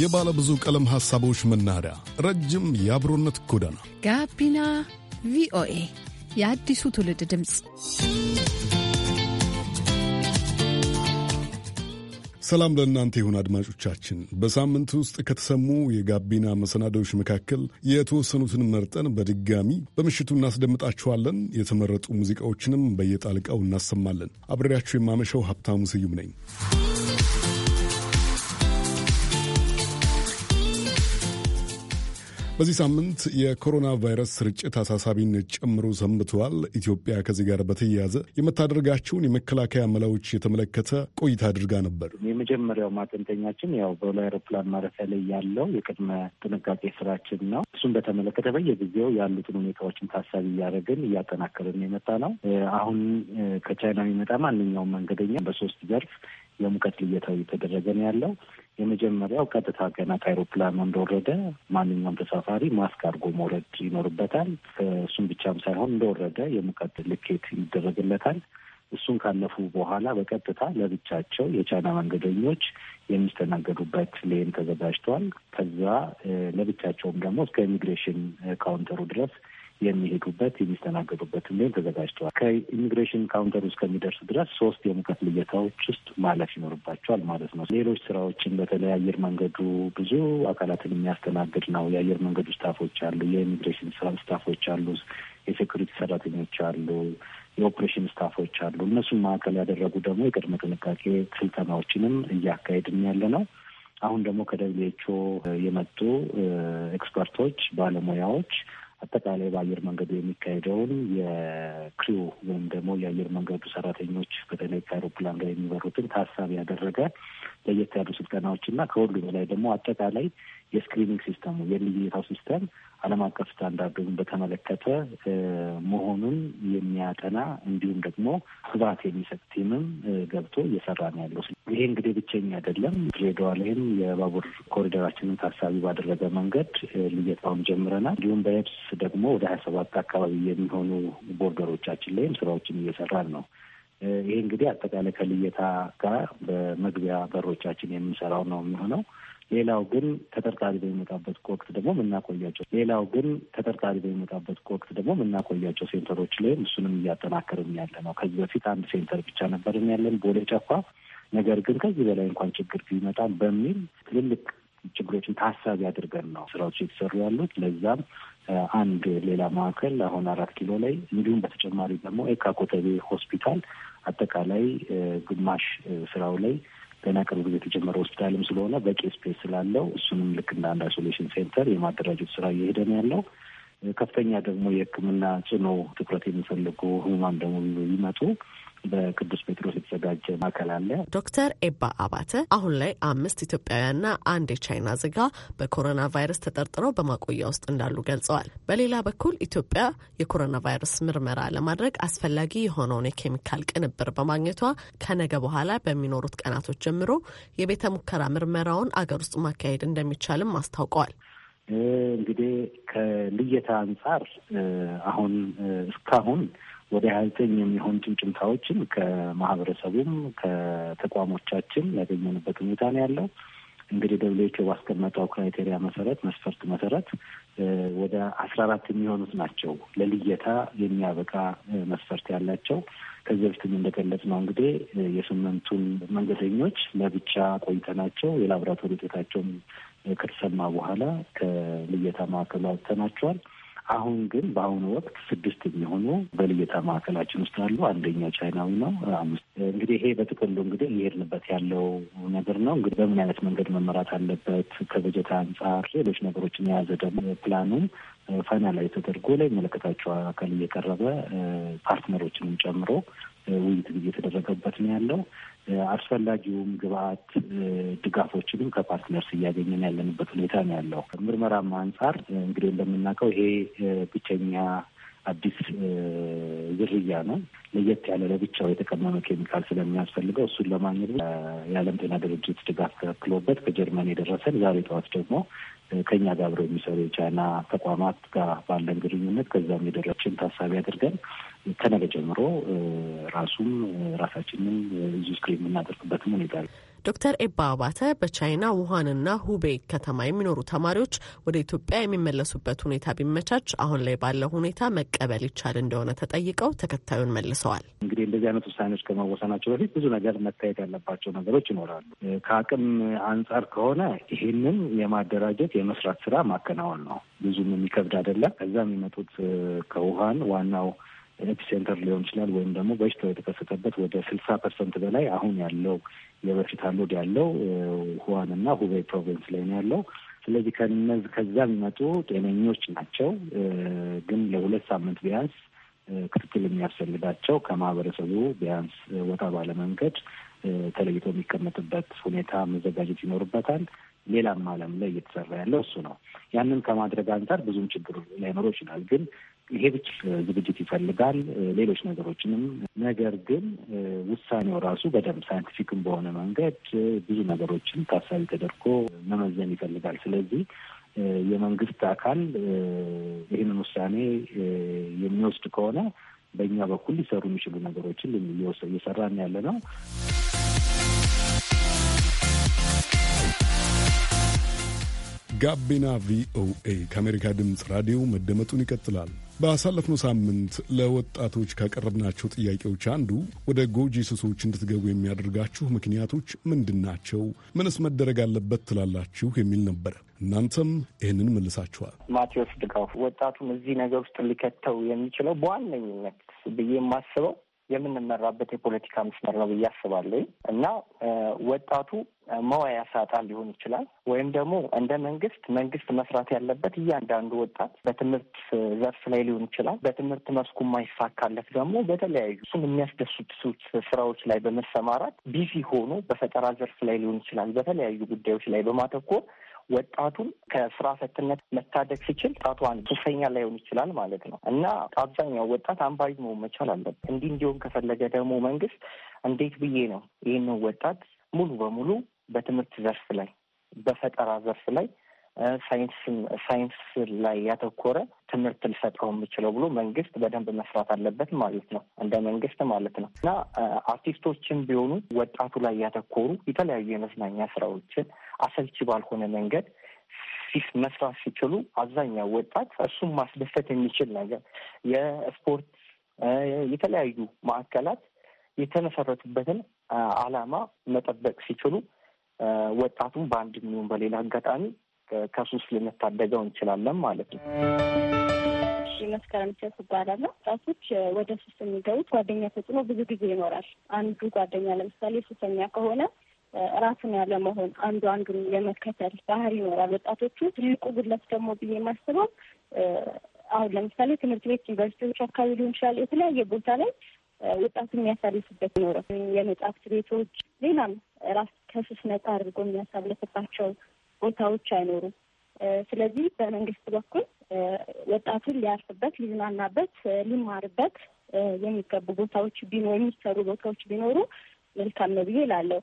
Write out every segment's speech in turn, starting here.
የባለ ብዙ ቀለም ሐሳቦች መናኸሪያ፣ ረጅም የአብሮነት ጎዳና ጋቢና ቪኦኤ የአዲሱ ትውልድ ድምፅ። ሰላም ለእናንተ ይሁን አድማጮቻችን። በሳምንት ውስጥ ከተሰሙ የጋቢና መሰናዶዎች መካከል የተወሰኑትን መርጠን በድጋሚ በምሽቱ እናስደምጣችኋለን። የተመረጡ ሙዚቃዎችንም በየጣልቃው እናሰማለን። አብሬያችሁ የማመሸው ሀብታሙ ስዩም ነኝ። በዚህ ሳምንት የኮሮና ቫይረስ ስርጭት አሳሳቢነት ጨምሮ ሰንብተዋል። ኢትዮጵያ ከዚህ ጋር በተያያዘ የምታደርጋቸውን የመከላከያ መላዎች የተመለከተ ቆይታ አድርጋ ነበር። የመጀመሪያው ማጠንጠኛችን ያው በሁሉ ማረፊያ ላይ ያለው የቅድመ ጥንቃቄ ስራችን ነው። እሱን በተመለከተ በየጊዜው ያሉትን ሁኔታዎችን ታሳቢ እያደረግን እያጠናከርን የመጣ ነው። አሁን ከቻይና የሚመጣ ማንኛውም መንገደኛ በሶስት ዘርፍ የሙቀት ልየታው እየተደረገ ነው ያለው የመጀመሪያው ቀጥታ ገና ከአይሮፕላኑ እንደወረደ ማንኛውም ተሳፋሪ ማስክ አድርጎ መውረድ ይኖርበታል። እሱም ብቻም ሳይሆን እንደወረደ የሙቀት ልኬት ይደረግለታል። እሱን ካለፉ በኋላ በቀጥታ ለብቻቸው የቻይና መንገደኞች የሚስተናገዱበት ሌን ተዘጋጅተዋል። ከዛ ለብቻቸውም ደግሞ እስከ ኢሚግሬሽን ካውንተሩ ድረስ የሚሄዱበት የሚስተናገዱበት ሚል ተዘጋጅተዋል። ከኢሚግሬሽን ካውንተር እስከሚደርሱ ድረስ ሶስት የሙቀት ልየታዎች ውስጥ ማለፍ ይኖርባቸዋል ማለት ነው። ሌሎች ስራዎችን በተለይ አየር መንገዱ ብዙ አካላትን የሚያስተናግድ ነው። የአየር መንገዱ ስታፎች አሉ፣ የኢሚግሬሽን ስታፎች አሉ፣ የሴኩሪቲ ሰራተኞች አሉ፣ የኦፕሬሽን ስታፎች አሉ። እነሱን ማዕከል ያደረጉ ደግሞ የቅድመ ጥንቃቄ ስልጠናዎችንም እያካሄድን ያለ ነው። አሁን ደግሞ ከደብሌቾ የመጡ ኤክስፐርቶች ባለሙያዎች አጠቃላይ በአየር መንገዱ የሚካሄደውን የክሪው ወይም ደግሞ የአየር መንገዱ ሰራተኞች በተለይ ከአይሮፕላን ጋር የሚበሩትን ታሳቢ ያደረገ ለየት ያሉ ስልጠናዎች እና ከሁሉ በላይ ደግሞ አጠቃላይ የስክሪኒንግ ሲስተሙ የልየታው ሲስተም ዓለም አቀፍ ስታንዳርዱን በተመለከተ መሆኑን የሚያጠና እንዲሁም ደግሞ ግብዓት የሚሰጥ ቲምም ገብቶ እየሰራ ነው ያለው። ይሄ እንግዲህ ብቸኛ አይደለም። ድሬዳዋ ላይም የባቡር ኮሪደራችንን ታሳቢ ባደረገ መንገድ ልየታውን ጀምረናል። እንዲሁም በየብስ ደግሞ ወደ ሀያ ሰባት አካባቢ የሚሆኑ ቦርደሮቻችን ላይም ስራዎችን እየሰራን ነው። ይሄ እንግዲህ አጠቃላይ ከልየታ ጋር በመግቢያ በሮቻችን የምንሰራው ነው የሚሆነው። ሌላው ግን ተጠርጣሪ በሚመጣበት ወቅት ደግሞ የምናቆያቸው ሌላው ግን ተጠርጣሪ በሚመጣበት ወቅት ደግሞ የምናቆያቸው ሴንተሮች ላይም እሱንም እያጠናከርን ያለ ነው። ከዚህ በፊት አንድ ሴንተር ብቻ ነበርን ያለን ቦሌ ጨፋ። ነገር ግን ከዚህ በላይ እንኳን ችግር ቢመጣ በሚል ትልልቅ ችግሮችን ታሳቢ አድርገን ነው ስራዎች የተሰሩ ያሉት። ለዛም አንድ ሌላ ማዕከል አሁን አራት ኪሎ ላይ እንዲሁም በተጨማሪ ደግሞ ኤካ ኮተቤ ሆስፒታል አጠቃላይ ግማሽ ስራው ላይ ገና ቅርብ ጊዜ የተጀመረ ሆስፒታልም ስለሆነ በቂ ስፔስ ስላለው እሱንም ልክ እንደ አንድ አይሶሌሽን ሴንተር የማደራጀት ስራ እየሄደ ነው ያለው። ከፍተኛ ደግሞ የሕክምና ጽኖ ትኩረት የሚፈልጉ ህሙማን ደግሞ ይመጡ በቅዱስ ጴጥሮስ የተዘጋጀ ማዕከል አለ። ዶክተር ኤባ አባተ አሁን ላይ አምስት ኢትዮጵያውያንና አንድ የቻይና ዜጋ በኮሮና ቫይረስ ተጠርጥረው በማቆያ ውስጥ እንዳሉ ገልጸዋል። በሌላ በኩል ኢትዮጵያ የኮሮና ቫይረስ ምርመራ ለማድረግ አስፈላጊ የሆነውን የኬሚካል ቅንብር በማግኘቷ ከነገ በኋላ በሚኖሩት ቀናቶች ጀምሮ የቤተ ሙከራ ምርመራውን አገር ውስጥ ማካሄድ እንደሚቻልም አስታውቀዋል። እንግዲህ ከልየታ አንጻር አሁን እስካሁን ወደ ሀያ ዘጠኝ የሚሆን ጭምጭምታዎችን ከማህበረሰቡም ከተቋሞቻችን ያገኘንበት ሁኔታ ነው ያለው። እንግዲህ ደብሊውኤችኦ ባስቀመጠው ክራይቴሪያ መሰረት መስፈርት መሰረት ወደ አስራ አራት የሚሆኑት ናቸው ለልየታ የሚያበቃ መስፈርት ያላቸው። ከዚህ በፊትም እንደገለጽ ነው እንግዲህ የስምንቱን መንገደኞች ለብቻ ቆይተናቸው የላቦራቶሪ ውጤታቸውን ከተሰማ በኋላ ከልየታ ማዕከሉ አውጥተናቸዋል። አሁን ግን በአሁኑ ወቅት ስድስት የሚሆኑ በልየታ ማዕከላችን ውስጥ አሉ። አንደኛው ቻይናዊ ነው። አምስት እንግዲህ ይሄ በጥቅሉ እንግዲህ እየሄድንበት ያለው ነገር ነው። እንግዲህ በምን አይነት መንገድ መመራት አለበት ከበጀት አንጻር ሌሎች ነገሮችን የያዘ ደግሞ ፕላኑም ፋይናላዊ ተደርጎ ላይ መለከታቸው አካል እየቀረበ ፓርትነሮችንም ጨምሮ ውይይት እየተደረገበት ነው ያለው። አስፈላጊውም ግብአት ድጋፎችንም ከፓርትነርስ እያገኘን ያለንበት ሁኔታ ነው ያለው። ምርመራም አንጻር እንግዲህ እንደምናውቀው ይሄ ብቸኛ አዲስ ዝርያ ነው። ለየት ያለ ለብቻው የተቀመመ ኬሚካል ስለሚያስፈልገው እሱን ለማግኘት የዓለም ጤና ድርጅት ድጋፍ ተከክሎበት ከጀርመን የደረሰን ዛሬ ጠዋት ደግሞ ከኛ ጋር አብረው የሚሰሩ የቻይና ተቋማት ጋር ባለን ግንኙነት ከዛም የደረችን ታሳቢ አድርገን ከነገ ጀምሮ ራሱም ራሳችንም እዚህ ውስጥ የምናደርግበትም ሁኔታ ዶክተር ኤባ አባተ በቻይና ውሃንና ሁቤ ከተማ የሚኖሩ ተማሪዎች ወደ ኢትዮጵያ የሚመለሱበት ሁኔታ ቢመቻች አሁን ላይ ባለው ሁኔታ መቀበል ይቻል እንደሆነ ተጠይቀው ተከታዩን መልሰዋል። እንግዲህ እንደዚህ አይነት ውሳኔዎች ከመወሰናቸው በፊት ብዙ ነገር መታየት ያለባቸው ነገሮች ይኖራሉ። ከአቅም አንጻር ከሆነ ይህንን የማደራጀት የመስራት ስራ ማከናወን ነው። ብዙም የሚከብድ አይደለም። ከዛ የሚመጡት ከውሃን ዋናው ኤፒሴንተር ሊሆን ይችላል ወይም ደግሞ በሽታው የተከሰተበት ወደ ስልሳ ፐርሰንት በላይ አሁን ያለው የበሽታ ሎድ ያለው ሁዋን እና ሁቤይ ፕሮቪንስ ላይ ነው ያለው። ስለዚህ ከነዚህ ከዛ የሚመጡ ጤነኞች ናቸው፣ ግን ለሁለት ሳምንት ቢያንስ ክትትል የሚያስፈልጋቸው ከማህበረሰቡ ቢያንስ ወጣ ባለ መንገድ ተለይቶ የሚቀመጥበት ሁኔታ መዘጋጀት ይኖርበታል። ሌላም ዓለም ላይ እየተሰራ ያለው እሱ ነው። ያንን ከማድረግ አንጻር ብዙም ችግር ላይኖሮ ይችላል። ግን ይሄ ብቻ ዝግጅት ይፈልጋል ሌሎች ነገሮችንም። ነገር ግን ውሳኔው ራሱ በደንብ ሳይንቲፊክም በሆነ መንገድ ብዙ ነገሮችን ታሳቢ ተደርጎ መመዘን ይፈልጋል። ስለዚህ የመንግስት አካል ይህንን ውሳኔ የሚወስድ ከሆነ በእኛ በኩል ሊሰሩ የሚችሉ ነገሮችን እየሰራን ያለ ነው። ጋቢና ቪኦኤ ከአሜሪካ ድምፅ ራዲዮ መደመጡን ይቀጥላል። ባሳለፍነው ሳምንት ለወጣቶች ካቀረብናቸው ጥያቄዎች አንዱ ወደ ጎጂ ሱሶች እንድትገቡ የሚያደርጋችሁ ምክንያቶች ምንድን ናቸው? ምንስ መደረግ አለበት ትላላችሁ? የሚል ነበረ። እናንተም ይህንን መልሳችኋል። ማቴዎስ ድጋፉ ወጣቱን እዚህ ነገር ውስጥ ሊከተው የሚችለው በዋነኝነት ብዬ የማስበው የምንመራበት የፖለቲካ መስመር ነው ብዬ እና ወጣቱ መዋያ ሳጣ ሊሆን ይችላል ወይም ደግሞ እንደ መንግስት መንግስት መስራት ያለበት እያንዳንዱ ወጣት በትምህርት ዘርፍ ላይ ሊሆን ይችላል። በትምህርት መስኩ የማይሳካለት ደግሞ በተለያዩ እሱን የሚያስደሱት ስራዎች ላይ በመሰማራት ቢዚ ሆኖ በፈጠራ ዘርፍ ላይ ሊሆን ይችላል። በተለያዩ ጉዳዮች ላይ በማተኮር ወጣቱን ከስራ ፈትነት መታደግ ሲችል ጣቷን ሱሰኛ ላይሆን ይችላል ማለት ነው እና አብዛኛው ወጣት አንባቢ መሆን መቻል አለበት። እንዲህ እንዲሆን ከፈለገ ደግሞ መንግስት እንዴት ብዬ ነው ይህንን ወጣት ሙሉ በሙሉ በትምህርት ዘርፍ ላይ በፈጠራ ዘርፍ ላይ ሳይንስም ሳይንስ ላይ ያተኮረ ትምህርት ልሰጠው የምችለው ብሎ መንግስት በደንብ መስራት አለበት ማለት ነው፣ እንደ መንግስት ማለት ነው። እና አርቲስቶችም ቢሆኑ ወጣቱ ላይ ያተኮሩ የተለያዩ የመዝናኛ ስራዎችን አሰልቺ ባልሆነ መንገድ መስራት ሲችሉ አብዛኛው ወጣት እሱም ማስደሰት የሚችል ነገር የስፖርት የተለያዩ ማዕከላት የተመሰረቱበትን አላማ መጠበቅ ሲችሉ ወጣቱም በአንድ ሚሆን በሌላ አጋጣሚ ከሱስ ልንታደገው እንችላለን ማለት ነው። መስከረም ቸት እባላለሁ። ራሶች ወደ ሱስ የሚገቡት ጓደኛ ተጽዕኖ ብዙ ጊዜ ይኖራል። አንዱ ጓደኛ ለምሳሌ ሱሰኛ ከሆነ ራሱን ያለመሆን አንዱ አንዱን የመከተል ባህሪ ይኖራል። ወጣቶቹ ትልቁ ጉድለት ደግሞ ብዬ የማስበው አሁን ለምሳሌ ትምህርት ቤት፣ ዩኒቨርሲቲዎች አካባቢ ሊሆን ይችላል የተለያየ ቦታ ላይ ወጣቱ የሚያሳልፍበት ይኖረ የመጽሐፍት ቤቶች፣ ሌላም ራስ ከሱስ ነጻ አድርጎ የሚያሳልፍባቸው ቦታዎች አይኖሩም። ስለዚህ በመንግስት በኩል ወጣቱን ሊያርፍበት፣ ሊዝናናበት፣ ሊማርበት የሚገቡ ቦታዎች ቢኖሩ የሚሰሩ ቦታዎች ቢኖሩ መልካም ነው ብዬ እላለሁ።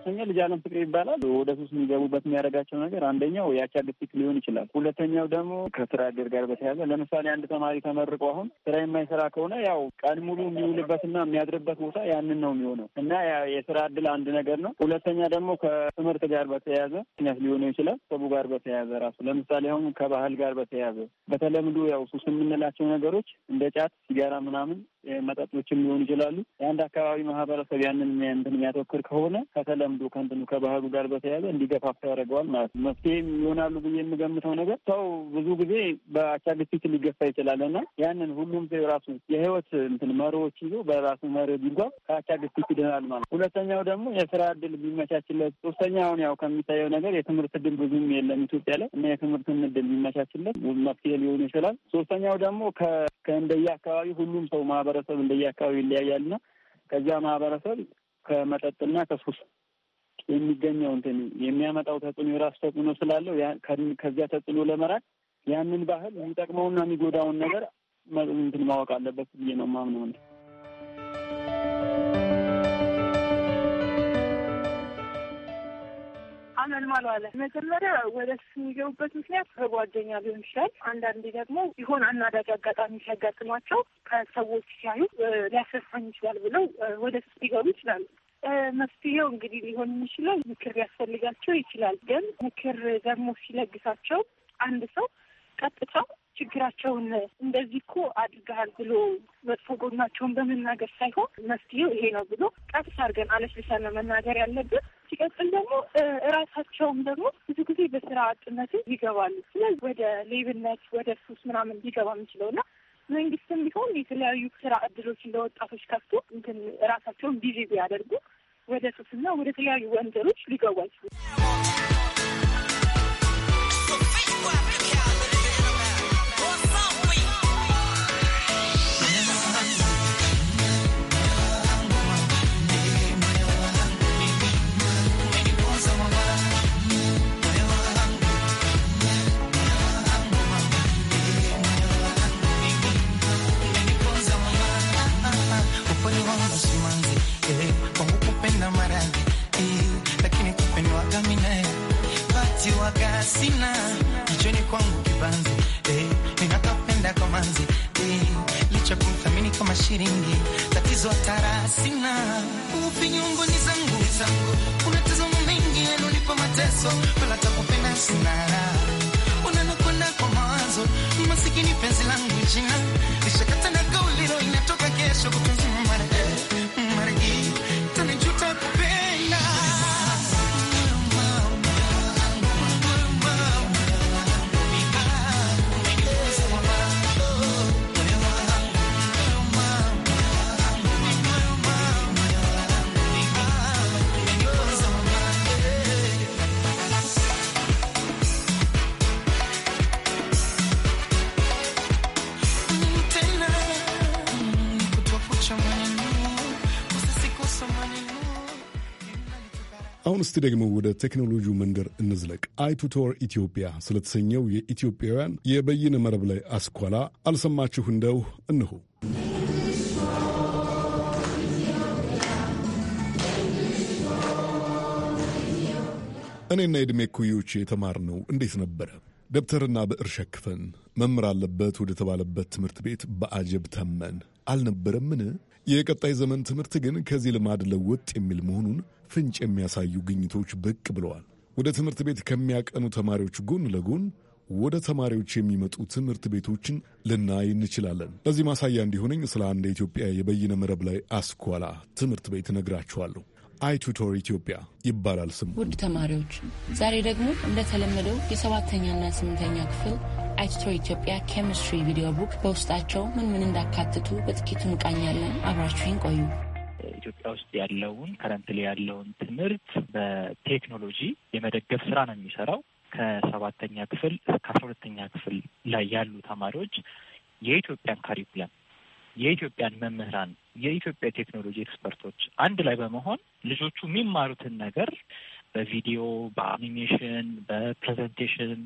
አራተኛ ልጅ አለም ፍቅር ይባላል። ወደ ሱስ የሚገቡበት የሚያደርጋቸው ነገር አንደኛው የአቻ ግፊት ሊሆን ይችላል። ሁለተኛው ደግሞ ከስራ እድል ጋር በተያያዘ ለምሳሌ አንድ ተማሪ ተመርቆ አሁን ስራ የማይሰራ ከሆነ ያው ቀን ሙሉ የሚውልበትና የሚያድርበት ቦታ ያንን ነው የሚሆነው እና የስራ እድል አንድ ነገር ነው። ሁለተኛ ደግሞ ከትምህርት ጋር በተያያዘ ምክንያት ሊሆነ ይችላል። ሰቡ ጋር በተያያዘ ራሱ ለምሳሌ አሁን ከባህል ጋር በተያያዘ በተለምዶ ያው ሱስ የምንላቸው ነገሮች እንደ ጫት፣ ሲጋራ ምናምን መጠጦችም ሊሆኑ ይችላሉ። የአንድ አካባቢ ማህበረሰብ ያንን እንትን የሚያተወክር ከሆነ ከተለ ከልምዱ ከንትኑ ከባህሉ ጋር በተያያዘ እንዲገፋፋ ያደርገዋል ማለት ነው። መፍትሄም ይሆናሉ ብዬ የምገምተው ነገር ሰው ብዙ ጊዜ በአቻ ግፊት ሊገፋ ይችላል እና ያንን ሁሉም ሰው የራሱ የህይወት እንትን መሪዎች ይዞ በራሱ መሪ ቢጓዝ ከአቻ ግፊት ይድናል ማለት ነው። ሁለተኛው ደግሞ የስራ እድል ቢመቻችለት፣ ሶስተኛ አሁን ያው ከሚታየው ነገር የትምህርት እድል ብዙም የለም ኢትዮጵያ ላይ እና የትምህርትን እድል ቢመቻችለት መፍትሄ ሊሆን ይችላል። ሶስተኛው ደግሞ ከእንደየ አካባቢ ሁሉም ሰው ማህበረሰብ እንደየ አካባቢ እና ከዚያ ማህበረሰብ ከመጠጥና ከሱስ የሚገኘው እንትን የሚያመጣው ተጽዕኖ የራሱ ተጽዕኖ ስላለው ከዚያ ተጽዕኖ ለመራቅ ያንን ባህል የሚጠቅመውና የሚጎዳውን ነገር እንትን ማወቅ አለበት ብዬ ነው ማምነው። አመልማል መጀመሪያ ወደ ሱ የሚገቡበት ምክንያት ከጓደኛ ሊሆን ይችላል። አንዳንዴ ደግሞ ይሆን አናዳጅ አጋጣሚ ሲያጋጥሟቸው ከሰዎች ሲያዩ ሊያሰሳኝ ይችላል ብለው ወደ ሱ ሊገቡ ይችላሉ። መፍትሄው እንግዲህ ሊሆን የሚችለው ምክር ሊያስፈልጋቸው ይችላል። ግን ምክር ደግሞ ሲለግሳቸው አንድ ሰው ቀጥታው ችግራቸውን እንደዚህ እኮ አድርገሃል ብሎ መጥፎ ጎናቸውን በመናገር ሳይሆን መፍትሄው ይሄ ነው ብሎ ቀስ አድርገን አለስልሳን መናገር ያለብን። ሲቀጥል ደግሞ እራሳቸውም ደግሞ ብዙ ጊዜ በስራ አጥነት ይገባሉ። ስለዚህ ወደ ሌብነት፣ ወደ ሱስ ምናምን ሊገባ የሚችለው እና መንግስትም ቢሆን የተለያዩ ስራ እድሎችን ለወጣቶች ከፍቶ እንትን ራሳቸውን ቢዚ ቢያደርጉ ወደ ሱስና ወደ ተለያዩ ወንጀሎች ሊገቡ አይችሉም። siwaga sina kichwani kwangu kibanzi eh, ninakapenda kwa manzi eh, licha kumthamini kama shilingi tatizo hatara sina upinyunguni zangu zangu unatazama mengi yanonipa mateso wala takupenda sina unanokonda kwa mawazo masikini penzi langu jina lishakata na kauli leo inatoka kesho kutunzimara eh. አሁን እስቲ ደግሞ ወደ ቴክኖሎጂው መንደር እንዝለቅ። አይቱቶር ኢትዮጵያ ስለተሰኘው የኢትዮጵያውያን የበይነ መረብ ላይ አስኳላ አልሰማችሁ እንደው እንሆ እኔና የዕድሜ ኩዮች የተማርነው እንዴት ነበረ? ደብተርና ብዕር ሸክፈን መምህር አለበት ወደ ተባለበት ትምህርት ቤት በአጀብ ተመን አልነበረምን? የቀጣይ ዘመን ትምህርት ግን ከዚህ ልማድ ለውጥ የሚል መሆኑን ፍንጭ የሚያሳዩ ግኝቶች ብቅ ብለዋል። ወደ ትምህርት ቤት ከሚያቀኑ ተማሪዎች ጎን ለጎን ወደ ተማሪዎች የሚመጡ ትምህርት ቤቶችን ልናይ እንችላለን። ለዚህ ማሳያ እንዲሆነኝ ስለ አንድ የኢትዮጵያ የበይነ መረብ ላይ አስኳላ ትምህርት ቤት እነግራችኋለሁ። አይቱቶር ኢትዮጵያ ይባላል ስሙ። ውድ ተማሪዎች ዛሬ ደግሞ እንደተለመደው የሰባተኛና ስምንተኛ ክፍል አይቱቶር ኢትዮጵያ ኬሚስትሪ ቪዲዮ ቡክ በውስጣቸው ምን ምን እንዳካትቱ በጥቂቱ እንቃኛለን። አብራችሁን ቆዩ። ኢትዮጵያ ውስጥ ያለውን ከረንትሊ ያለውን ትምህርት በቴክኖሎጂ የመደገፍ ስራ ነው የሚሰራው። ከሰባተኛ ክፍል እስከ አስራ ሁለተኛ ክፍል ላይ ያሉ ተማሪዎች የኢትዮጵያን ካሪኩለም የኢትዮጵያን መምህራን የኢትዮጵያ ቴክኖሎጂ ኤክስፐርቶች አንድ ላይ በመሆን ልጆቹ የሚማሩትን ነገር በቪዲዮ፣ በአኒሜሽን፣ በፕሬዘንቴሽን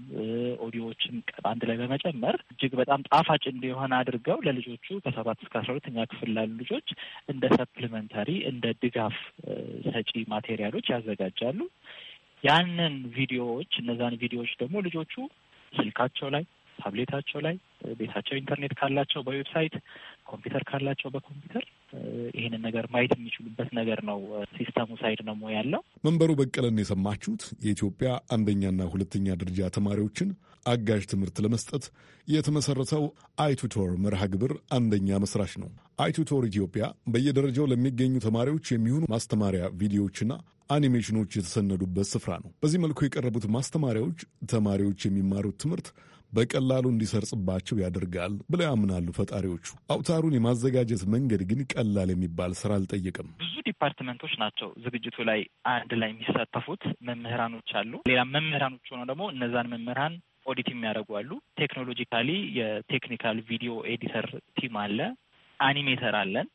ኦዲዮዎችን አንድ ላይ በመጨመር እጅግ በጣም ጣፋጭ እንደሆነ አድርገው ለልጆቹ ከሰባት እስከ አስራ ሁለተኛ ክፍል ላሉ ልጆች እንደ ሰፕሊመንታሪ እንደ ድጋፍ ሰጪ ማቴሪያሎች ያዘጋጃሉ። ያንን ቪዲዮዎች እነዛን ቪዲዮዎች ደግሞ ልጆቹ ስልካቸው ላይ ታብሌታቸው ላይ፣ ቤታቸው ኢንተርኔት ካላቸው በዌብሳይት፣ ኮምፒውተር ካላቸው በኮምፒውተር ይህንን ነገር ማየት የሚችሉበት ነገር ነው። ሲስተሙ ሳይድ ነው ያለው። መንበሩ በቀለን የሰማችሁት የኢትዮጵያ አንደኛና ሁለተኛ ደረጃ ተማሪዎችን አጋዥ ትምህርት ለመስጠት የተመሰረተው አይቱቶር መርሃ ግብር አንደኛ መስራች ነው። አይቱቶር ኢትዮጵያ በየደረጃው ለሚገኙ ተማሪዎች የሚሆኑ ማስተማሪያ ቪዲዮዎችና አኒሜሽኖች የተሰነዱበት ስፍራ ነው። በዚህ መልኩ የቀረቡት ማስተማሪያዎች ተማሪዎች የሚማሩት ትምህርት በቀላሉ እንዲሰርጽባቸው ያደርጋል ብለው ያምናሉ ፈጣሪዎቹ። አውታሩን የማዘጋጀት መንገድ ግን ቀላል የሚባል ስራ አልጠየቅም። ብዙ ዲፓርትመንቶች ናቸው ዝግጅቱ ላይ አንድ ላይ የሚሳተፉት መምህራኖች አሉ። ሌላ መምህራኖች ሆነው ደግሞ እነዛን መምህራን ኦዲት የሚያደርጉ አሉ። ቴክኖሎጂካሊ የቴክኒካል ቪዲዮ ኤዲተር ቲም አለ፣ አኒሜተር አለን።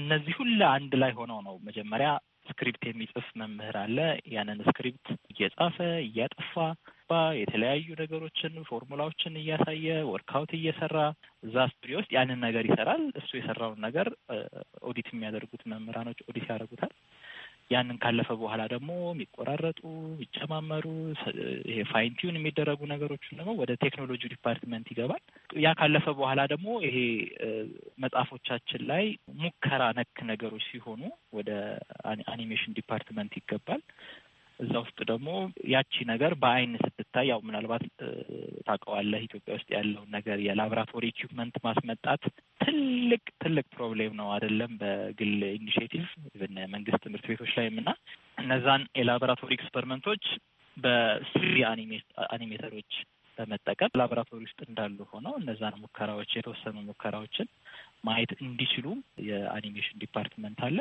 እነዚህ ሁሉ አንድ ላይ ሆነው ነው መጀመሪያ ስክሪፕት የሚጽፍ መምህር አለ። ያንን ስክሪፕት እየጻፈ እያጠፋ ባ የተለያዩ ነገሮችን ፎርሙላዎችን እያሳየ ወርክአውት እየሰራ እዛ ስቱዲዮ ውስጥ ያንን ነገር ይሰራል። እሱ የሰራውን ነገር ኦዲት የሚያደርጉት መምህራኖች ኦዲት ያደርጉታል። ያንን ካለፈ በኋላ ደግሞ የሚቆራረጡ የሚጨማመሩ ይሄ ፋይንቲውን የሚደረጉ ነገሮችን ደግሞ ወደ ቴክኖሎጂ ዲፓርትመንት ይገባል። ያ ካለፈ በኋላ ደግሞ ይሄ መጽሐፎቻችን ላይ ሙከራ ነክ ነገሮች ሲሆኑ ወደ አኒሜሽን ዲፓርትመንት ይገባል። እዛ ውስጥ ደግሞ ያቺ ነገር በአይን ስትታይ ያው ምናልባት ታውቀዋለህ ኢትዮጵያ ውስጥ ያለውን ነገር የላብራቶሪ ኢኩፕመንት ማስመጣት ትልቅ ትልቅ ፕሮብሌም ነው አይደለም? በግል ኢኒሽቲቭ ብን መንግስት ትምህርት ቤቶች ላይም እና እነዛን የላብራቶሪ ኤክስፐሪመንቶች በስሪ አኒሜተሮች በመጠቀም ላብራቶሪ ውስጥ እንዳሉ ሆነው እነዛን ሙከራዎች የተወሰኑ ሙከራዎችን ማየት እንዲችሉ የአኒሜሽን ዲፓርትመንት አለ።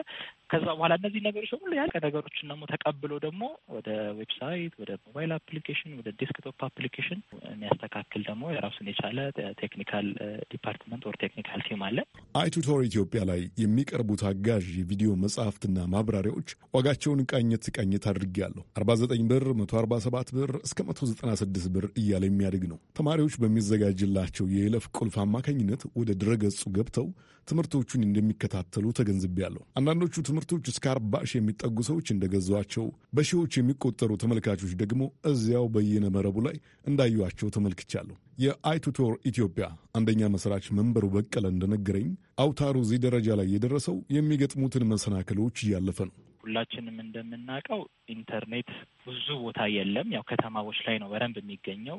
ከዛ በኋላ እነዚህ ነገሮች በሙሉ ያልቀ ነገሮችን ደግሞ ተቀብሎ ደግሞ ወደ ዌብሳይት፣ ወደ ሞባይል አፕሊኬሽን፣ ወደ ዴስክቶፕ አፕሊኬሽን የሚያስተካክል ደግሞ የራሱን የቻለ ቴክኒካል ዲፓርትመንት ወር ቴክኒካል ቲም አለ። አይቱቶር ኢትዮጵያ ላይ የሚቀርቡት አጋዥ የቪዲዮ መጽሐፍትና ማብራሪያዎች ዋጋቸውን ቃኘት ቃኘት አድርጌያለሁ። 49 ብር፣ 147 ብር እስከ 196 ብር እያለ የሚያድግ ነው። ተማሪዎች በሚዘጋጅላቸው የይለፍ ቁልፍ አማካኝነት ወደ ድረገጹ ገብተው ትምህርቶቹን እንደሚከታተሉ ተገንዝቤያለሁ። አንዳንዶቹ ትምህርቶች እስከ አርባ ሺህ የሚጠጉ ሰዎች እንደገዟቸው፣ በሺዎች የሚቆጠሩ ተመልካቾች ደግሞ እዚያው በየነ መረቡ ላይ እንዳዩቸው ተመልክቻለሁ። የአይቱቶር ኢትዮጵያ አንደኛ መስራች መንበሩ በቀለ እንደነገረኝ አውታሩ እዚህ ደረጃ ላይ የደረሰው የሚገጥሙትን መሰናክሎች እያለፈ ነው። ሁላችንም እንደምናውቀው ኢንተርኔት ብዙ ቦታ የለም። ያው ከተማዎች ላይ ነው በደንብ የሚገኘው።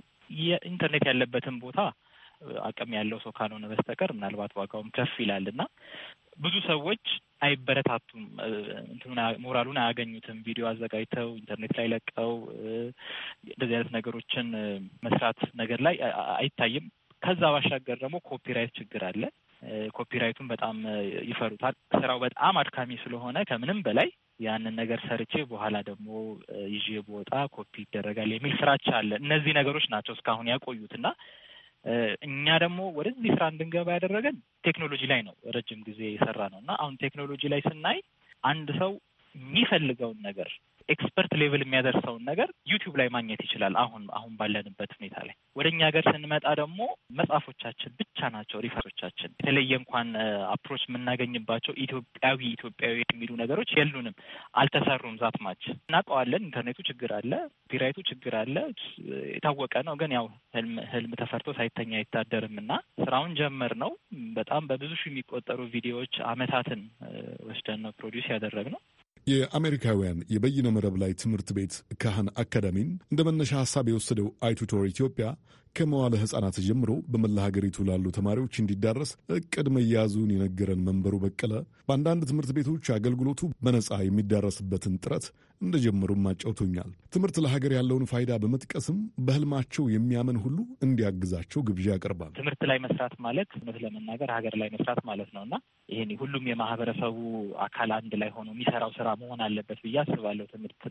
የኢንተርኔት ያለበትን ቦታ አቅም ያለው ሰው ካልሆነ በስተቀር ምናልባት ዋጋውም ከፍ ይላል እና ብዙ ሰዎች አይበረታቱም፣ ሞራሉን አያገኙትም። ቪዲዮ አዘጋጅተው ኢንተርኔት ላይ ለቀው እንደዚህ አይነት ነገሮችን መስራት ነገር ላይ አይታይም። ከዛ ባሻገር ደግሞ ኮፒራይት ችግር አለ። ኮፒራይቱን በጣም ይፈሩታል። ስራው በጣም አድካሚ ስለሆነ ከምንም በላይ ያንን ነገር ሰርቼ በኋላ ደግሞ ይዤ በወጣ ኮፒ ይደረጋል የሚል ፍራቻ አለ። እነዚህ ነገሮች ናቸው እስካሁን ያቆዩት እና እኛ ደግሞ ወደዚህ ስራ እንድንገባ ያደረገን ቴክኖሎጂ ላይ ነው ረጅም ጊዜ የሰራ ነው እና አሁን ቴክኖሎጂ ላይ ስናይ አንድ ሰው የሚፈልገውን ነገር ኤክስፐርት ሌቭል የሚያደርሰውን ነገር ዩቲዩብ ላይ ማግኘት ይችላል። አሁን አሁን ባለንበት ሁኔታ ላይ ወደ እኛ ሀገር ስንመጣ ደግሞ መጽሐፎቻችን ብቻ ናቸው ሪፈሮቻችን። የተለየ እንኳን አፕሮች የምናገኝባቸው ኢትዮጵያዊ ኢትዮጵያዊ የሚሉ ነገሮች የሉንም፣ አልተሰሩም። ዛትማች እናውቀዋለን። ኢንተርኔቱ ችግር አለ፣ ፒራይቱ ችግር አለ፣ የታወቀ ነው። ግን ያው ህልም ተፈርቶ ሳይተኛ አይታደርም እና ስራውን ጀመር ነው። በጣም በብዙ ሺህ የሚቆጠሩ ቪዲዮዎች አመታትን ወስደን ነው ፕሮዲውስ ያደረግነው። የአሜሪካውያን የበይነ መረብ ላይ ትምህርት ቤት ካህን አካዳሚን እንደ መነሻ ሀሳብ የወሰደው አይቱቶር ኢትዮጵያ ከመዋለ ሕፃናት ጀምሮ በመላ ሀገሪቱ ላሉ ተማሪዎች እንዲዳረስ እቅድ መያዙን የነገረን መንበሩ በቀለ በአንዳንድ ትምህርት ቤቶች አገልግሎቱ በነጻ የሚዳረስበትን ጥረት እንደጀመሩም አጫውቶኛል። ትምህርት ለሀገር ያለውን ፋይዳ በመጥቀስም በህልማቸው የሚያምን ሁሉ እንዲያግዛቸው ግብዣ ያቀርባል። ትምህርት ላይ መስራት ማለት እውነት ለመናገር ሀገር ላይ መስራት ማለት ነው እና ይህን ሁሉም የማህበረሰቡ አካል አንድ ላይ ሆኖ የሚሰራው ስራ መሆን አለበት ብዬ አስባለሁ ትምህርት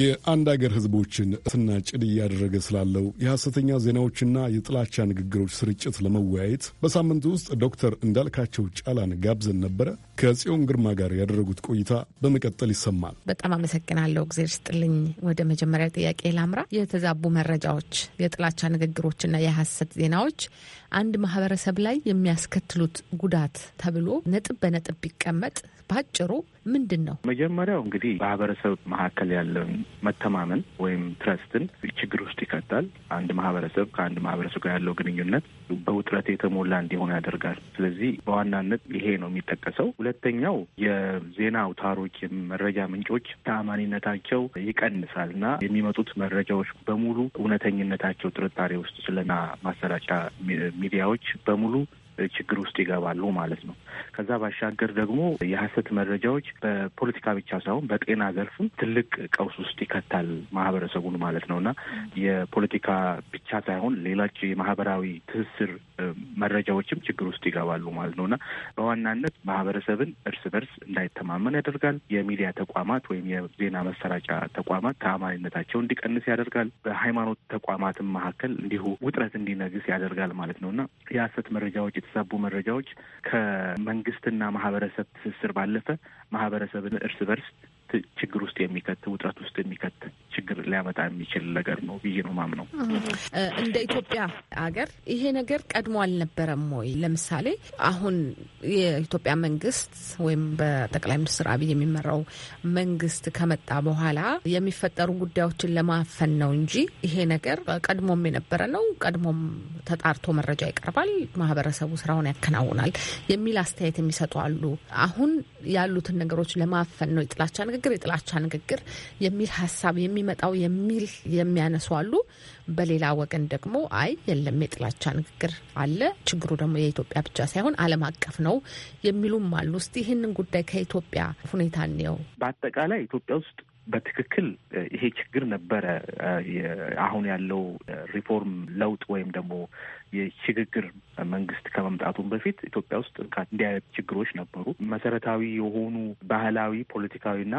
የአንድ አገር ህዝቦችን እትና ጭድ እያደረገ ስላለው የሐሰተኛ ዜናዎችና የጥላቻ ንግግሮች ስርጭት ለመወያየት በሳምንቱ ውስጥ ዶክተር እንዳልካቸው ጫላን ጋብዘን ነበረ። ከጽዮን ግርማ ጋር ያደረጉት ቆይታ በመቀጠል ይሰማል። በጣም አመሰግናለሁ። እግዜር ስጥልኝ። ወደ መጀመሪያ ጥያቄ ላምራ። የተዛቡ መረጃዎች፣ የጥላቻ ንግግሮችና የሐሰት ዜናዎች አንድ ማህበረሰብ ላይ የሚያስከትሉት ጉዳት ተብሎ ነጥብ በነጥብ ቢቀመጥ ባጭሩ ምንድን ነው? መጀመሪያው እንግዲህ ማህበረሰብ መካከል ያለውን መተማመን ወይም ትረስትን ችግር ውስጥ ይከታል። አንድ ማህበረሰብ ከአንድ ማህበረሰብ ጋር ያለው ግንኙነት በውጥረት የተሞላ እንዲሆን ያደርጋል። ስለዚህ በዋናነት ይሄ ነው የሚጠቀሰው። ሁለተኛው የዜና አውታሮች መረጃ ምንጮች ተአማኒነታቸው ይቀንሳል እና የሚመጡት መረጃዎች በሙሉ እውነተኝነታቸው ጥርጣሬ ውስጥ ስለና ማሰራጫ ሚዲያዎች በሙሉ ችግር ውስጥ ይገባሉ ማለት ነው። ከዛ ባሻገር ደግሞ የሀሰት መረጃዎች በፖለቲካ ብቻ ሳይሆን በጤና ዘርፍም ትልቅ ቀውስ ውስጥ ይከታል ማህበረሰቡን ማለት ነው እና የፖለቲካ ብቻ ሳይሆን ሌላቸው የማህበራዊ ትስስር መረጃዎችም ችግር ውስጥ ይገባሉ ማለት ነው እና በዋናነት ማህበረሰብን እርስ በርስ እንዳይተማመን ያደርጋል። የሚዲያ ተቋማት ወይም የዜና መሰራጫ ተቋማት ተአማኒነታቸው እንዲቀንስ ያደርጋል። በሃይማኖት ተቋማትም መካከል እንዲሁ ውጥረት እንዲነግስ ያደርጋል ማለት ነው እና የሀሰት መረጃዎች፣ የተዛቡ መረጃዎች ከመንግስትና ማህበረሰብ ትስስር ባለፈ ማህበረሰብን እርስ በርስ ችግር ውስጥ የሚከት ውጥረት ውስጥ የሚከት ችግር ሊያመጣ የሚችል ነገር ነው ብዬ ነው ማምነው። እንደ ኢትዮጵያ አገር ይሄ ነገር ቀድሞ አልነበረም ወይ? ለምሳሌ አሁን የኢትዮጵያ መንግስት ወይም በጠቅላይ ሚኒስትር አብይ የሚመራው መንግስት ከመጣ በኋላ የሚፈጠሩ ጉዳዮችን ለማፈን ነው እንጂ ይሄ ነገር ቀድሞም የነበረ ነው። ቀድሞም ተጣርቶ መረጃ ይቀርባል፣ ማህበረሰቡ ስራውን ያከናውናል የሚል አስተያየት የሚሰጡ አሉ። አሁን ያሉትን ነገሮች ለማፈን ነው የጥላቻ ንግግር፣ የጥላቻ ንግግር የሚል ሀሳብ የሚመጣው የሚል የሚያነሱ አሉ። በሌላ ወገን ደግሞ አይ የለም የጥላቻ ንግግር አለ፣ ችግሩ ደግሞ የኢትዮጵያ ብቻ ሳይሆን ዓለም አቀፍ ነው የሚሉም አሉ። እስቲ ይህንን ጉዳይ ከኢትዮጵያ ሁኔታ እንየው። በአጠቃላይ ኢትዮጵያ ውስጥ በትክክል ይሄ ችግር ነበረ። አሁን ያለው ሪፎርም ለውጥ ወይም ደግሞ የሽግግር መንግስት ከመምጣቱን በፊት ኢትዮጵያ ውስጥ እንዲህ አይነት ችግሮች ነበሩ። መሰረታዊ የሆኑ ባህላዊ፣ ፖለቲካዊና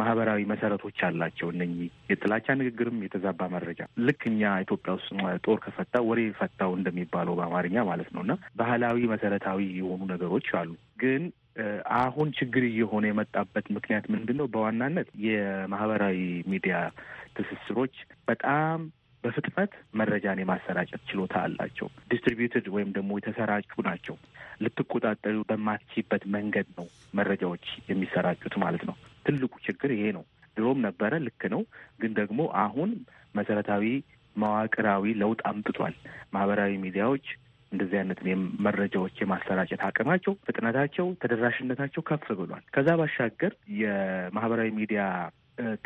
ማህበራዊ መሰረቶች አላቸው። እነኚህ የጥላቻ ንግግርም የተዛባ መረጃ ልክ እኛ ኢትዮጵያ ውስጥ ጦር ከፈታ ወሬ ፈታው እንደሚባለው በአማርኛ ማለት ነው እና ባህላዊ መሰረታዊ የሆኑ ነገሮች አሉ ግን አሁን ችግር እየሆነ የመጣበት ምክንያት ምንድን ነው? በዋናነት የማህበራዊ ሚዲያ ትስስሮች በጣም በፍጥነት መረጃን የማሰራጨት ችሎታ አላቸው። ዲስትሪቢዩትድ ወይም ደግሞ የተሰራጩ ናቸው። ልትቆጣጠሩ በማትችበት መንገድ ነው መረጃዎች የሚሰራጩት ማለት ነው። ትልቁ ችግር ይሄ ነው። ድሮም ነበረ፣ ልክ ነው። ግን ደግሞ አሁን መሰረታዊ መዋቅራዊ ለውጥ አምጥቷል። ማህበራዊ ሚዲያዎች እንደዚህ አይነት መረጃዎች የማሰራጨት አቅማቸው፣ ፍጥነታቸው፣ ተደራሽነታቸው ከፍ ብሏል። ከዛ ባሻገር የማህበራዊ ሚዲያ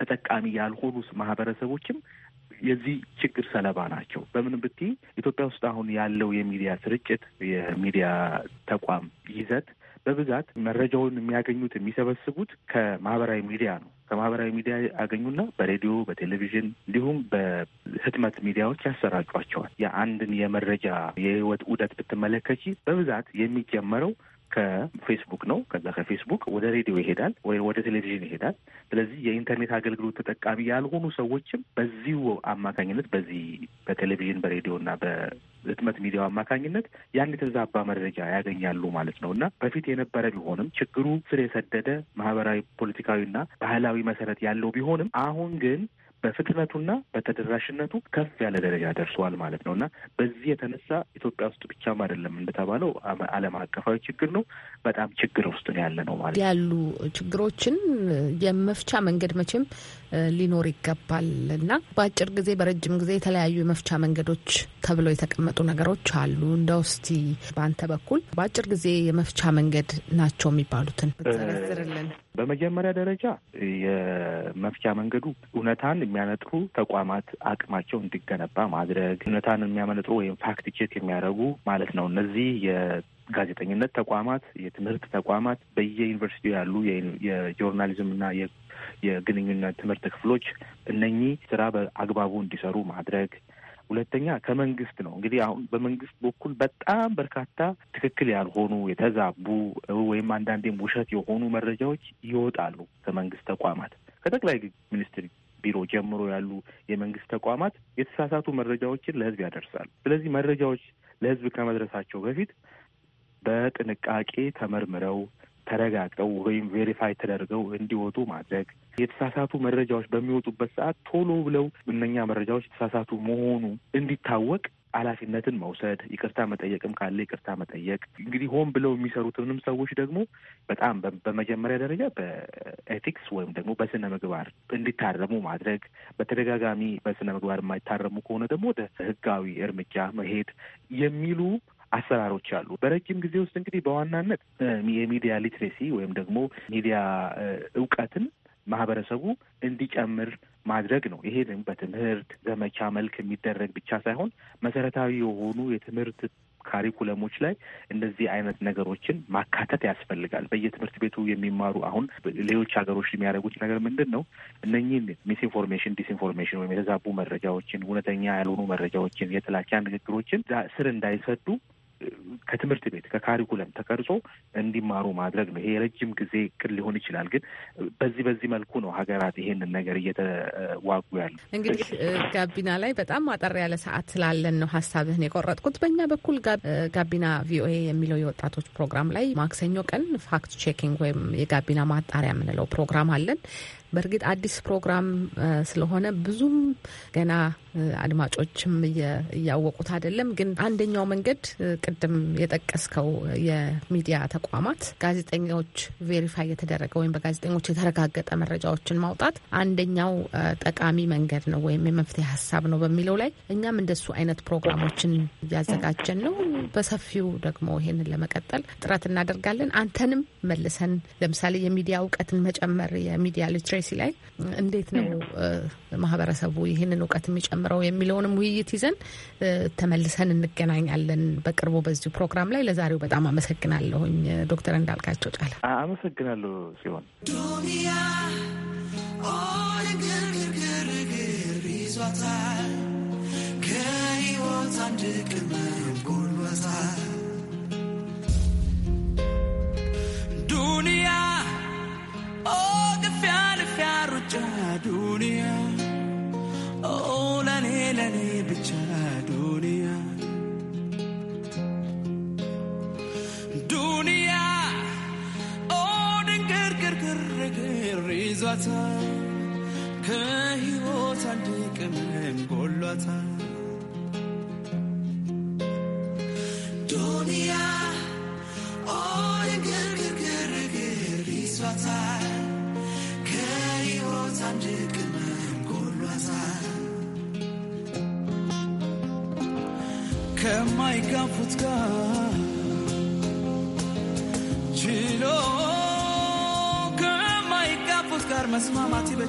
ተጠቃሚ ያልሆኑ ማህበረሰቦችም የዚህ ችግር ሰለባ ናቸው። በምን ብቲ ኢትዮጵያ ውስጥ አሁን ያለው የሚዲያ ስርጭት የሚዲያ ተቋም ይዘት በብዛት መረጃውን የሚያገኙት የሚሰበስቡት ከማህበራዊ ሚዲያ ነው። ከማህበራዊ ሚዲያ ያገኙና በሬዲዮ፣ በቴሌቪዥን እንዲሁም በህትመት ሚዲያዎች ያሰራጯቸዋል። የአንድን የመረጃ የህይወት ውደት ብትመለከች በብዛት የሚጀመረው ከፌስቡክ ነው። ከዛ ከፌስቡክ ወደ ሬዲዮ ይሄዳል ወይ ወደ ቴሌቪዥን ይሄዳል። ስለዚህ የኢንተርኔት አገልግሎት ተጠቃሚ ያልሆኑ ሰዎችም በዚሁ አማካኝነት በዚህ በቴሌቪዥን በሬዲዮ እና በህትመት ሚዲያው አማካኝነት ያን የተዛባ መረጃ ያገኛሉ ማለት ነው እና በፊት የነበረ ቢሆንም ችግሩ ስር የሰደደ ማህበራዊ፣ ፖለቲካዊና ባህላዊ መሰረት ያለው ቢሆንም አሁን ግን በፍጥነቱና በተደራሽነቱ ከፍ ያለ ደረጃ ደርሰዋል ማለት ነው እና በዚህ የተነሳ ኢትዮጵያ ውስጥ ብቻም አይደለም እንደተባለው ዓለም አቀፋዊ ችግር ነው። በጣም ችግር ውስጥ ነው ያለ ነው ማለት ያሉ ችግሮችን የመፍቻ መንገድ መቼም ሊኖር ይገባል እና በአጭር ጊዜ በረጅም ጊዜ የተለያዩ የመፍቻ መንገዶች ተብለው የተቀመጡ ነገሮች አሉ። እንደ ውስቲ በአንተ በኩል በአጭር ጊዜ የመፍቻ መንገድ ናቸው የሚባሉትን ዘረዝርልን። በመጀመሪያ ደረጃ የመፍቻ መንገዱ እውነታን የሚያነጥሩ ተቋማት አቅማቸው እንዲገነባ ማድረግ፣ እውነታን የሚያመነጥሩ ወይም ፋክት ቼክ የሚያደርጉ ማለት ነው። እነዚህ ጋዜጠኝነት ተቋማት፣ የትምህርት ተቋማት፣ በየዩኒቨርሲቲ ያሉ የጆርናሊዝም እና የግንኙነት ትምህርት ክፍሎች እነኚህ ስራ በአግባቡ እንዲሰሩ ማድረግ ሁለተኛ ከመንግስት ነው እንግዲህ አሁን በመንግስት በኩል በጣም በርካታ ትክክል ያልሆኑ የተዛቡ ወይም አንዳንዴም ውሸት የሆኑ መረጃዎች ይወጣሉ። ከመንግስት ተቋማት ከጠቅላይ ሚኒስትር ቢሮ ጀምሮ ያሉ የመንግስት ተቋማት የተሳሳቱ መረጃዎችን ለህዝብ ያደርሳሉ። ስለዚህ መረጃዎች ለህዝብ ከመድረሳቸው በፊት በጥንቃቄ ተመርምረው ተረጋግጠው ወይም ቬሪፋይ ተደርገው እንዲወጡ ማድረግ የተሳሳቱ መረጃዎች በሚወጡበት ሰዓት ቶሎ ብለው እነኛ መረጃዎች የተሳሳቱ መሆኑ እንዲታወቅ ኃላፊነትን መውሰድ ይቅርታ መጠየቅም ካለ ይቅርታ መጠየቅ። እንግዲህ ሆን ብለው የሚሰሩትንም ሰዎች ደግሞ በጣም በመጀመሪያ ደረጃ በኤቲክስ ወይም ደግሞ በስነ ምግባር እንዲታረሙ ማድረግ፣ በተደጋጋሚ በስነ ምግባር የማይታረሙ ከሆነ ደግሞ ወደ ሕጋዊ እርምጃ መሄድ የሚሉ አሰራሮች አሉ። በረጅም ጊዜ ውስጥ እንግዲህ በዋናነት የሚዲያ ሊትሬሲ ወይም ደግሞ ሚዲያ እውቀትን ማህበረሰቡ እንዲጨምር ማድረግ ነው። ይሄንም በትምህርት ዘመቻ መልክ የሚደረግ ብቻ ሳይሆን መሰረታዊ የሆኑ የትምህርት ካሪኩለሞች ላይ እንደዚህ አይነት ነገሮችን ማካተት ያስፈልጋል። በየትምህርት ቤቱ የሚማሩ አሁን ሌሎች ሀገሮች የሚያደርጉት ነገር ምንድን ነው? እነኚህን ሚስኢንፎርሜሽን፣ ዲስኢንፎርሜሽን ወይም የተዛቡ መረጃዎችን፣ እውነተኛ ያልሆኑ መረጃዎችን፣ የጥላቻ ንግግሮችን ስር እንዳይሰዱ ከትምህርት ቤት ከካሪኩለም ተቀርጾ እንዲማሩ ማድረግ ነው። ይሄ የረጅም ጊዜ እቅድ ሊሆን ይችላል፣ ግን በዚህ በዚህ መልኩ ነው ሀገራት ይሄንን ነገር እየተዋጉ ያሉ። እንግዲህ ጋቢና ላይ በጣም አጠር ያለ ሰዓት ስላለን ነው ሀሳብህን የቆረጥኩት። በእኛ በኩል ጋቢና ቪኦኤ የሚለው የወጣቶች ፕሮግራም ላይ ማክሰኞ ቀን ፋክት ቼኪንግ ወይም የጋቢና ማጣሪያ የምንለው ፕሮግራም አለን። በእርግጥ አዲስ ፕሮግራም ስለሆነ ብዙም ገና አድማጮችም እያወቁት አይደለም። ግን አንደኛው መንገድ ቅድም የጠቀስከው የሚዲያ ተቋማት ጋዜጠኞች ቬሪፋይ የተደረገ ወይም በጋዜጠኞች የተረጋገጠ መረጃዎችን ማውጣት አንደኛው ጠቃሚ መንገድ ነው ወይም የመፍትሄ ሀሳብ ነው በሚለው ላይ እኛም እንደሱ አይነት ፕሮግራሞችን እያዘጋጀን ነው። በሰፊው ደግሞ ይሄንን ለመቀጠል ጥረት እናደርጋለን። አንተንም መልሰን ለምሳሌ የሚዲያ እውቀትን መጨመር የሚዲያ ሊትሬሲ ላይ እንዴት ነው ማህበረሰቡ ይህንን እውቀት የሚጨምር የምንጀምረው የሚለውንም ውይይት ይዘን ተመልሰን እንገናኛለን በቅርቡ በዚሁ ፕሮግራም ላይ። ለዛሬው በጣም አመሰግናለሁኝ ዶክተር እንዳልካቸው ጫለ። አመሰግናለሁ ሲሆን ዱንያ ግርግርግርግር ይዟታል ከህይወት አንድ ቅመም ጎልበታል ዱንያ ኦ ግፊያ ልፊያ ሩጫ ዱንያ ለኔ ብቻ ዱንያ ዱንያ ኦ ድንግር ግርግር ግር ይዟታል ከህይወት አንድ ቅመም ጎሏታል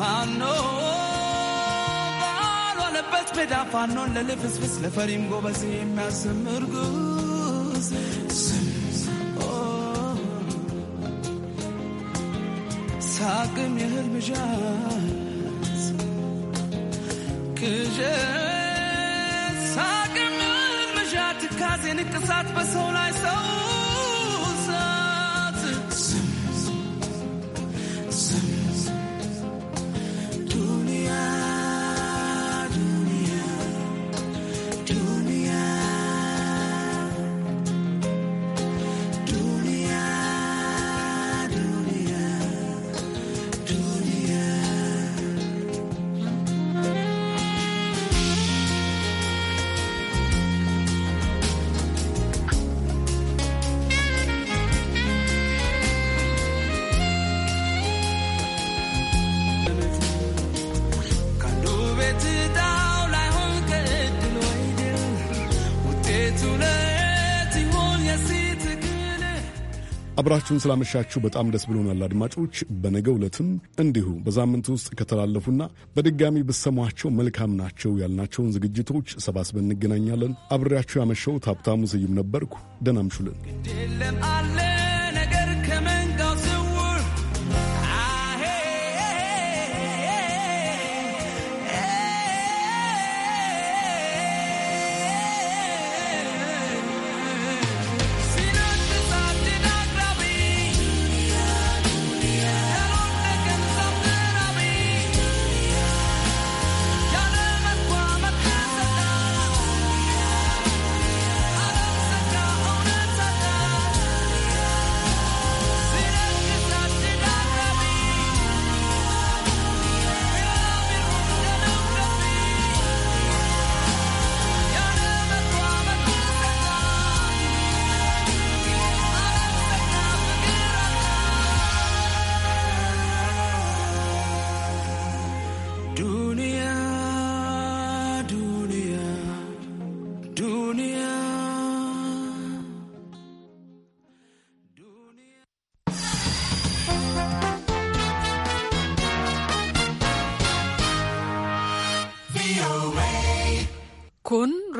ፋኖ ባልሆነበት ሜዳ ፋኖን ለልፍስፍስ ለፈሪም ጎበዝ የሚያስም እርጉዝ ሳቅም የህልም ዣዝ ሳቅም ንቅሳት በሰው ላይ ሰው አብራችሁን ስላመሻችሁ በጣም ደስ ብሎናል አድማጮች። በነገ ዕለትም እንዲሁ በሳምንት ውስጥ ከተላለፉና በድጋሚ ብሰሟቸው መልካም ናቸው ያልናቸውን ዝግጅቶች ሰባስበን እንገናኛለን። አብሬያችሁ ያመሸሁት ሀብታሙ ስዩም ነበርኩ። ደናምሹልን